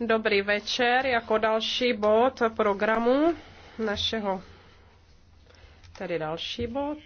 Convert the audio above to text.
Dobrý večer. Jako další bod programu našeho, tedy další bod.